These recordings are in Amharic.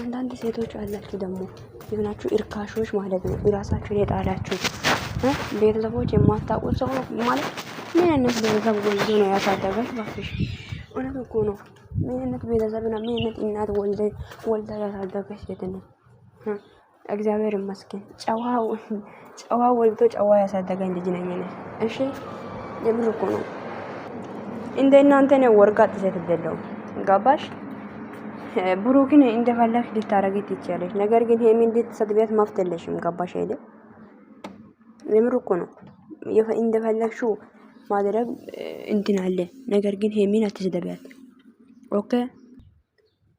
አንዳንድ ሴቶች አላችሁ ደግሞ የሆናችሁ እርካሾች ማለት ነው። ራሳችሁን የጣላችሁ ቤተሰቦች የማታውቁት ሰው ማለት ምን አይነት ቤተሰብ ወልዶ ነው ያሳደገች? ባክሽ እውነት እኮ ነው። ምን አይነት ቤተሰብና ምን አይነት እናት ወልዳ ያሳደገች ሴት ነው። እግዚአብሔር ይመስገን። ጨዋ ወልቶ ጨዋ ያሳደገ ልጅ ነኝ እኔ። እሺ የምር እኮ ነው። እንደ እናንተ ነው ወርቃጥ ሴት አይደለሁም። ገባሽ? ብሩክን እንደፈለግሽ ልታረጊ ትችያለሽ። ነገር ግን ሄሚን ልትሰድቢያት መብት የለሽም። ገባሽ አይደ? የምር እኮ ነው። እንደፈለግሽው ማድረግ እንትን አለ። ነገር ግን ሄሚን አትስደቢያት። ኦኬ።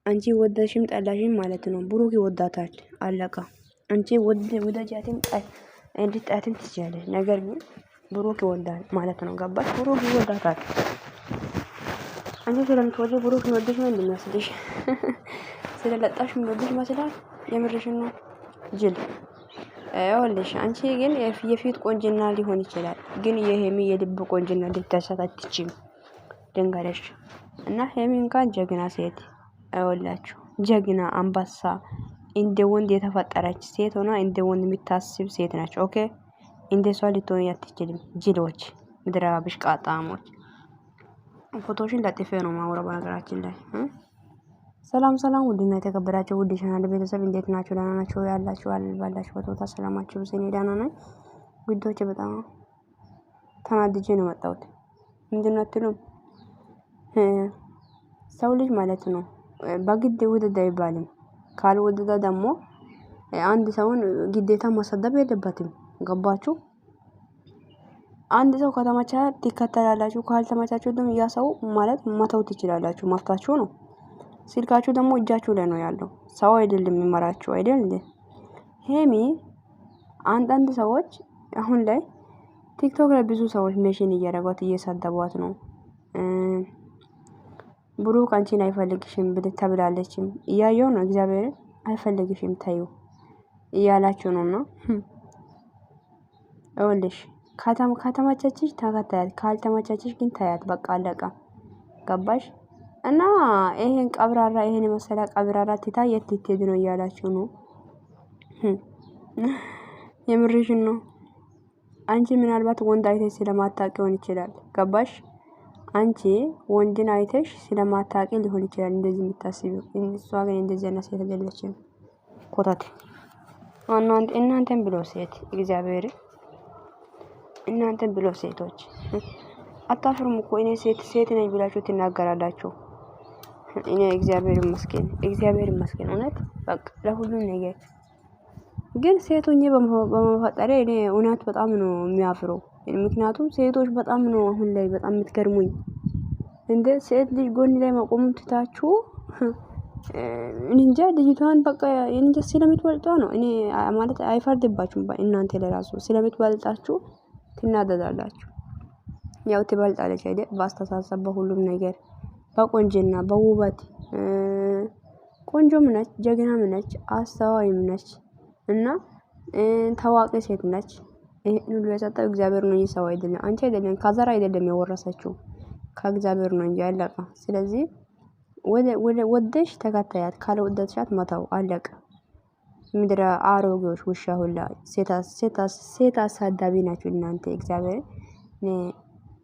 አንቺ ወደሽም ጠላሽም ማለት ነው ብሩክ ይወዳታል። አለቃ አንቺ ወደጃትም እንድጣትም ትችያለሽ። ነገር ግን ብሩክ ይወዳል ማለት ነው። ገባሽ? ብሩክ ይወዳታል። አንቺ ስለምትወጂ ብሩክ ይወድሽ ነው እንደሚያስደሽ ስለለጣሽ ምሎብሽ መስላል። የምርሽ ነው ጅል ይኸውልሽ አንቺ ግን የፊት ቆንጅና ሊሆን ይችላል፣ ግን የሄሚ የልብ ቆንጅና ልታሳት አትችም። ድንገረሽ እና ሄሚ እንኳን ጀግና ሴት አይወላችሁ ጀግና አንበሳ፣ እንደ ወንድ የተፈጠረች ሴት ሆና እንደ ወንድ የምታስብ ሴት ናቸው። ኦኬ እንደ ሷ ልትሆን አትችልም። ጅሎች፣ ምድረ ብሽቃጣሞች። ፎቶሽን ለጥፌ ነው ማውራ በነገራችን ላይ ሰላም ሰላም ውድና የተከበራቸው ውድ ቻናል ቤተሰብ እንዴት ናቸው ደህና ናችሁ? ያላችሁ ባላችሁበት ቦታ ሰላማችሁ ብሰኔ ደህና ነኝ። ውዶች በጣም ተናድጄ ነው መጣሁት። ምንድን ነው አትሉም? ሰው ልጅ ማለት ነው በግድ ውድድ አይባልም። ካልወደደ ደግሞ አንድ ሰውን ግዴታ ማሳደብ የለበትም። ገባችሁ? አንድ ሰው ከተመቻ ትከተላላችሁ፣ ካልተመቻችሁ ደግሞ ያ ሰው ማለት መተው ትችላላችሁ። መብታችሁ ነው። ስልካችሁ ደግሞ እጃችሁ ላይ ነው ያለው። ሰው አይደል የሚመራችሁ አይደል እንዴ? ሄሚ አንዳንድ ሰዎች አሁን ላይ ቲክቶክ ላይ ብዙ ሰዎች ሜሽን እያደረጓት እየሳደቧት ነው። ብሩክ አንቺን አይፈልግሽም ብል ተብላለችም እያየው ነው። እግዚአብሔርን አይፈልግሽም ተዩ እያላችሁ ነውና እውልሽ ከተመቻችሽ ተከታያት፣ ካልተመቻችሽ ግን ታያት። በቃ አለቀ። ገባሽ? እና ይሄን ቀብራራ ይሄን የመሰለ ቀብራራ ቲታ የት ልትሄድ ነው እያላችሁ ነው። የምርሽን ነው። አንቺ ምናልባት ወንድ አይተሽ ስለማታቂ ሊሆን ይችላል። ገባሽ? አንቺ ወንድን አይተሽ ስለማታቂ ሊሆን ይችላል እንደዚህ የምታስቢው። እሷ ግን እንደዚህ አይነት ሴት አይደለችም። ኮታት እናንተን ብሎ ሴት እግዚአብሔር እናንተን ብሎ ሴቶች አታፍሩም እኮ እኔ ሴት ሴት ነኝ ብላችሁ ትናገራላችሁ። እኔ እግዚአብሔር ይመስገን እግዚአብሔር ይመስገን እውነት በቃ ለሁሉም ነገር። ግን ሴቶኝ በመፈጠሬ እኔ እውነት በጣም ነው የሚያፍረው። ምክንያቱም ሴቶች በጣም ነው አሁን ላይ በጣም የምትገርሙኝ። እንደ ሴት ልጅ ጎን ላይ መቆሙን ትታችሁ እንጃ ልጅቷን በቃ እንጃ ስለምትበልጧ ነው። እኔ ማለት አይፈርድባችሁም። እናንተ ለራሱ ስለምትበልጣችሁ ትናደዳላችሁ። ያው ትበልጣለች አይደል በአስተሳሰብ በሁሉም ነገር በቆንጅና በውበት ቆንጆም ነች፣ ጀግናም ነች፣ አስተዋይም ነች እና ታዋቂ ሴት ነች። ይህን ሁሉ የሰጠው እግዚአብሔር ነው እንጂ ሰው አይደለም። አንቺ አይደለም ከዘር አይደለም የወረሰችው ከእግዚአብሔር ነው እንጂ አለቀ። ስለዚህ ወደሽ ተከታያት፣ ካልወደድሻት መተው አለቀ። ምድረ አሮጌዎች ውሻ ሁላ ሴት አሳዳቢ ናቸው እናንተ። እግዚአብሔር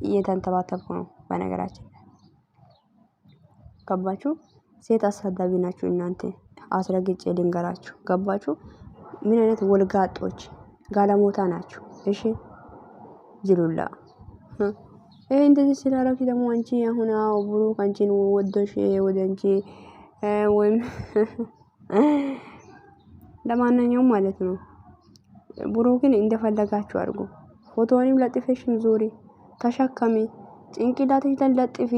እየተንተባተብኩ ነው በነገራችን ካስገባችሁ ሴት አሳዳቢ ናችሁ እናንተ። አስረግጬ ልንገራችሁ። ገባችሁ? ምን አይነት ወልጋጦች ጋለሞታ ናችሁ? እሺ ጅሉላ ይህ እንደዚህ ስላረፊ ደግሞ አንቺ አሁን አዎ ብሩ አንቺን ወዶሽ ወደ አንቺ ወይም ለማንኛውም ማለት ነው ግን እንደፈለጋችሁ አድርጉ። ፎቶንም ለጥፈሽም ዙሪ፣ ተሸከሚ፣ ጭንቅላትሽ ለጥፊ።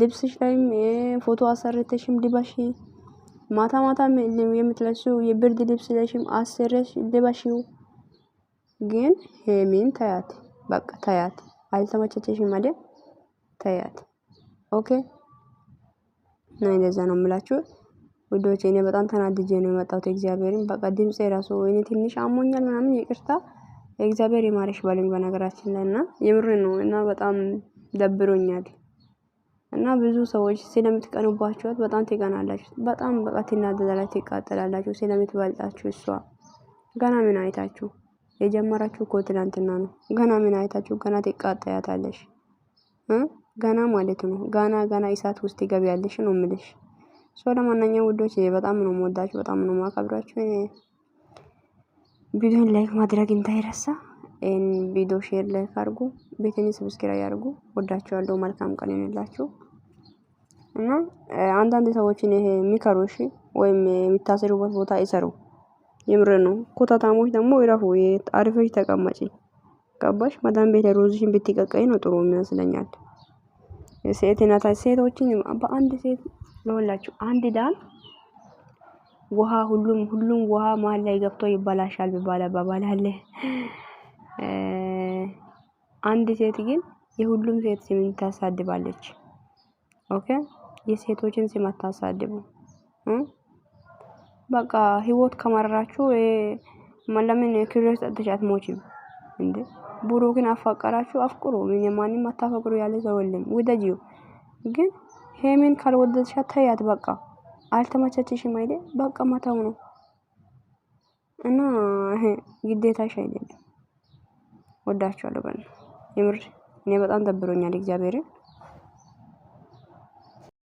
ልብስሽ ላይም ፎቶ አሰርተሽም ልባሽ ማታ ማታ የምትለብሺው የብርድ ልብስ ለሽም አሰረሽ ልባሽው። ግን ሄሚን ታያት፣ በቃ ታያት፣ አልተመቸቸሽም አይደል? ታያት። ኦኬ እና እንደዛ ነው የምላችሁ ውዶቼ። እኔ በጣም ተናድጄ ነው የመጣሁት። እግዚአብሔርን በቃ ድምጽ የራሱ ወይኔ ትንሽ አሞኛል ምናምን፣ ይቅርታ እግዚአብሔር ይማረሽ ባለኝ በነገራችን ላይ እና ነው እና በጣም ደብሮኛል። እና ብዙ ሰዎች ስለምትቀኑባችኋት በጣም ትቀናላችሁ። በጣም በቃ ትናደዳላችሁ፣ ትቃጠላላችሁ ስለምትበልጣችሁ እሷ። ገና ምን አይታችሁ የጀመራችሁ እኮ ትናንትና ነው። ገና ምን አይታችሁ ገና ትቃጠያታለሽ። ገና ማለት ነው ገና ገና እሳት ውስጥ ይገቢያለሽ ነው ምልሽ። ሶ ለማንኛውም ውዶች በጣም ነው የምወዳችሁ፣ በጣም ነው የማከብራችሁ። ቪዲዮን ላይክ ማድረግ እንዳይረሳ። ይህን ቪዲዮ ሼር ላይክ አድርጉ፣ ቤትን ሰብስክራይብ ያድርጉ። ወዳችኋለሁ። መልካም ቀን ይሁንላችሁ። እና አንዳንድ ሰዎችን ይሄ የሚከሩ እሺ፣ ወይም የሚታሰሩበት ቦታ ይሰሩ። የምር ነው። ኮታታሞች ደግሞ ይረፉ። አሪፎች ተቀመጪ ቀባሽ መዳም ቤት ሮዝሽን ብትቀቀይ ነው ጥሩ የሚመስለኛል። ሴትናታ ሴቶችን በአንድ ሴት ለወላችሁ አንድ ዳል ውሃ ሁሉም ሁሉም ውሃ መሀል ላይ ገብቶ ይባላሻል ይባላል አባባል አለ። አንድ ሴት ግን የሁሉም ሴት ስም ታሳድባለች። ኦኬ የሴቶችን ስም አታሳድቡ። በቃ ህይወት ከመራችሁ ለምን ክብረት ሰጥተሽ አትሞችም እንዴ? ብሩክን አፋቀራችሁ አፍቅሩ። ምን ማንም አታፈቅሩ ያለ ሰው የለም። ውደጂው ግን ሄሜን ካልወደድሻት ተያት። በቃ አልተመቸችሽም አይደል? በቃ መተው ነው እና ግዴታሽ አይደለም። ወዳችኋለሁ። በል የምር እኔ በጣም ደብሮኛል እግዚአብሔርን